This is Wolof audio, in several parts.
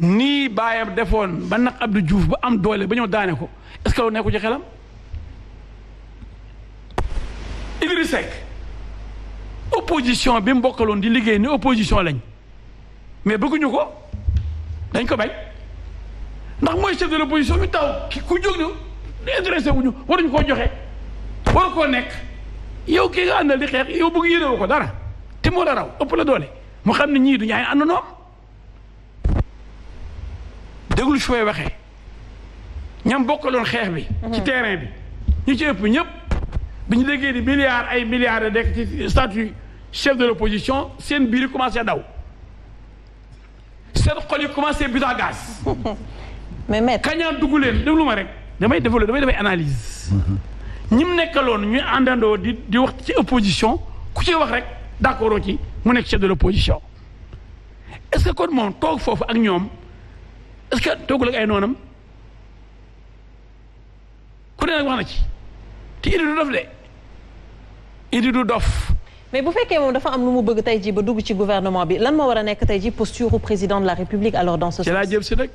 nii baayam defoon ba nag Abdou Diouf ba am doole ba ñëw daane ko est-ce que loolu nekku ci xelam Idriss opposition bi mu di liggéey ni opposition lañ mais bëgguñu ko dañ ko bañ ndax mooy chef de l'opposition bi taw ku jóg ni intéressé wuñu waruñ koo joxe war koo nekk yow kii nga àndal di xeex yow bëgg yéenewu ko dara ti moo la raw ëpp la doole moo xam ne ñii du ñaay àndandoo déglu fi may waxee ñam bokkaloon xeex bi. ci mhm. terrain bi ñu ci ëpp ñëpp bi ñu déggee di milliards ay milliards de nekk ci statut chef de l'opposition seen biir yi commencé daw seen xol yi commencé but à gaz. mais maître kañaan dugg leen lu ma rek damay développé damay damay analyse. Mhm. ñim nekkaloon ñu àndandoo di di wax ci opposition ku ci wax rek d'accord ci mu nekk chef de l'opposition est-ce que kon moom toog foofu ak ñoom. est-ce que toogul ak ay noonam ku ne nag wax na ci te Idi du dof de Idi du dof. mais bu fekkee moom dafa am lu mu bëgg tey ji ba dugg ci gouvernement bi lan moo war a nekk tey ji posture du président de la république alors dans ce ci laa jëm si nag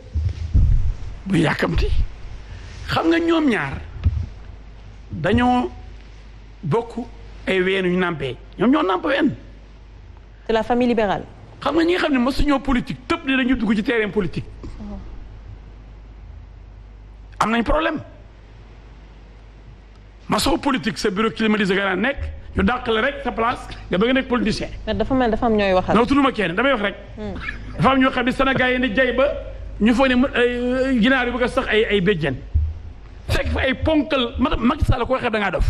bu yàkkamti xam nga ñoom ñaar dañoo bokk ay ween yu ñoom ñoo namp ween. de la famille libérale. xam nga ñi nga xam ne mosu ñoo politique tëb ne dañuy dugg ci terrain politique. am nañ problème maçon politique sa bureau climatisé nga naan nekk ñu dàqale rek sa place nga bëgg nekk politicien. mais dafa mel dafa am ñooy waxal. non tudduma kenn damay wax rek. Hmm. dafa am ñoo xam ne Sénégal yi ni jay ba ñu foog ne ginaar yu bëgg a sax ay ay béjjén fekk fa ay ponkal Macky Sall ko waxee da ngaa dof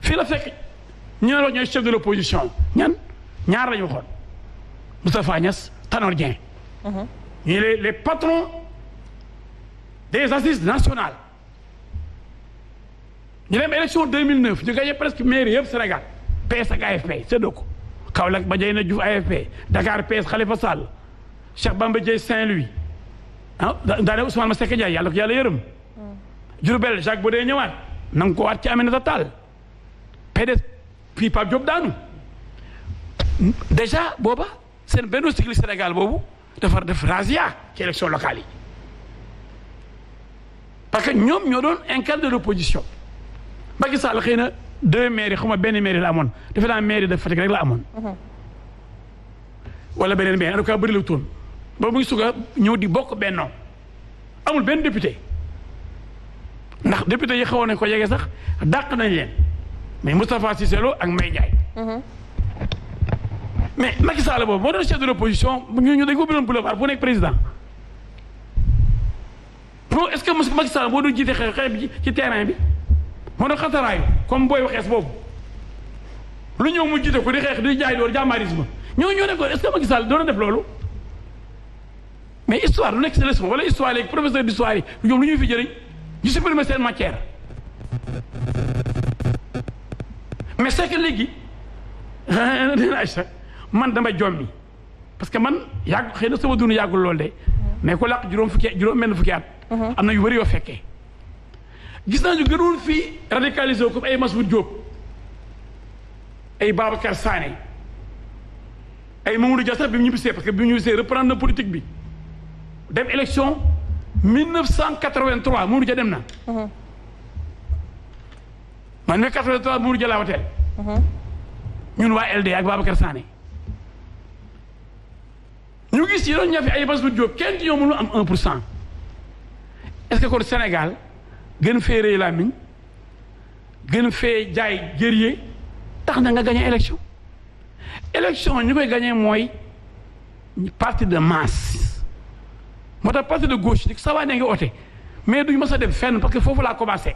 fii la fekk ñu ne la ñooy chef de l'opposition ñan ñaar la ñu waxoon Moustapha Niass Tanor Dieng. Hmm. ñu les les patrons. des assises nationales ñu dem élection 2009 ñu gagné presque mairie yëpp Sénégal PS ak AFP séddoo ko Kaolack Badiane Diouf AFP Dakar PS Khalifa Sall Cheikh Bamba Dièye Saint-Louis ah daanaka Ousmane Masseck Ndiaye yàlla ko yàlla yërëm. Hmm. Diourbel Jacques Bodé ñëwaat na nga ko waat ci Aminata Tall PDS fii Pape Diop daanu déjà booba sen benn cycle Sénégal boobu dafar def razzia ci élection locale parce que ñoom ñoo doon incarne de l'opposition Macky Sall xëy na deux mairie xuma benn mairie la amoon defe naa mairie de Fatick rek la amoon. Mhm. walla beneen benn en tout cas bëri la toon ba muy suga ñëw di bokk bennoo amul benn député ndax député yi xawoon nañ ko yegee sax daq nañ leen mais Moustapha Cissé Lo ak May Ndiaye. Mhm. mais Macky Sall boobu moo doon chef de l'opposition ñu ñu dañ ko bëggoon boulevard bu nekk président. non est-ce que mos Macky Sall boo doon jite xeex xeex bi terrain bi moo doon xataraayu comme booy waxees boobu lu ñëw mu jite ko di xeex di jaay doon jàmbaarisme ñoo ñoo nekkoon est-ce que Macky Sall doon na def loolu mais histoire lu nekk si leçon wala histoire léegi professeur d'histoire yi ñoom lu ñuy fi jëriñ ñu supprimer seen matière mais c'est que léegi dina aj man dama jommi parce que man yàgg xëy na sama dund yàggul lool de mais ko làq juróom fukki juróom mel fukki at am na yu bëri yoo fekkee gis naa ñu gënoon fi radicalisé comme ay Massoud jóob ay Babacar Sané ay Mamadou Dia sax bi mu ñibbisee parce que bi mu ñibbisee reprendre na politique bi dem élection 1983 Mamadou Dia dem na. man ne 83 Mamadou Dia laa wateel. ñun waa LD ak Babacar Sané. ñu gis yi doon ñafe ay Massoud Diop kenn ci ñoom mënul am 1 pour cent. est-ce que kon Sénégal gën fee rëy làmmiñ gën fee jaay jëriye tax na nga gañe élection élection ñu koy gañe mooy parti de masse moo tax parti de gauche di sawaa ne ngi oote mais duñ mës a dem fenn parce que foofu laa commencé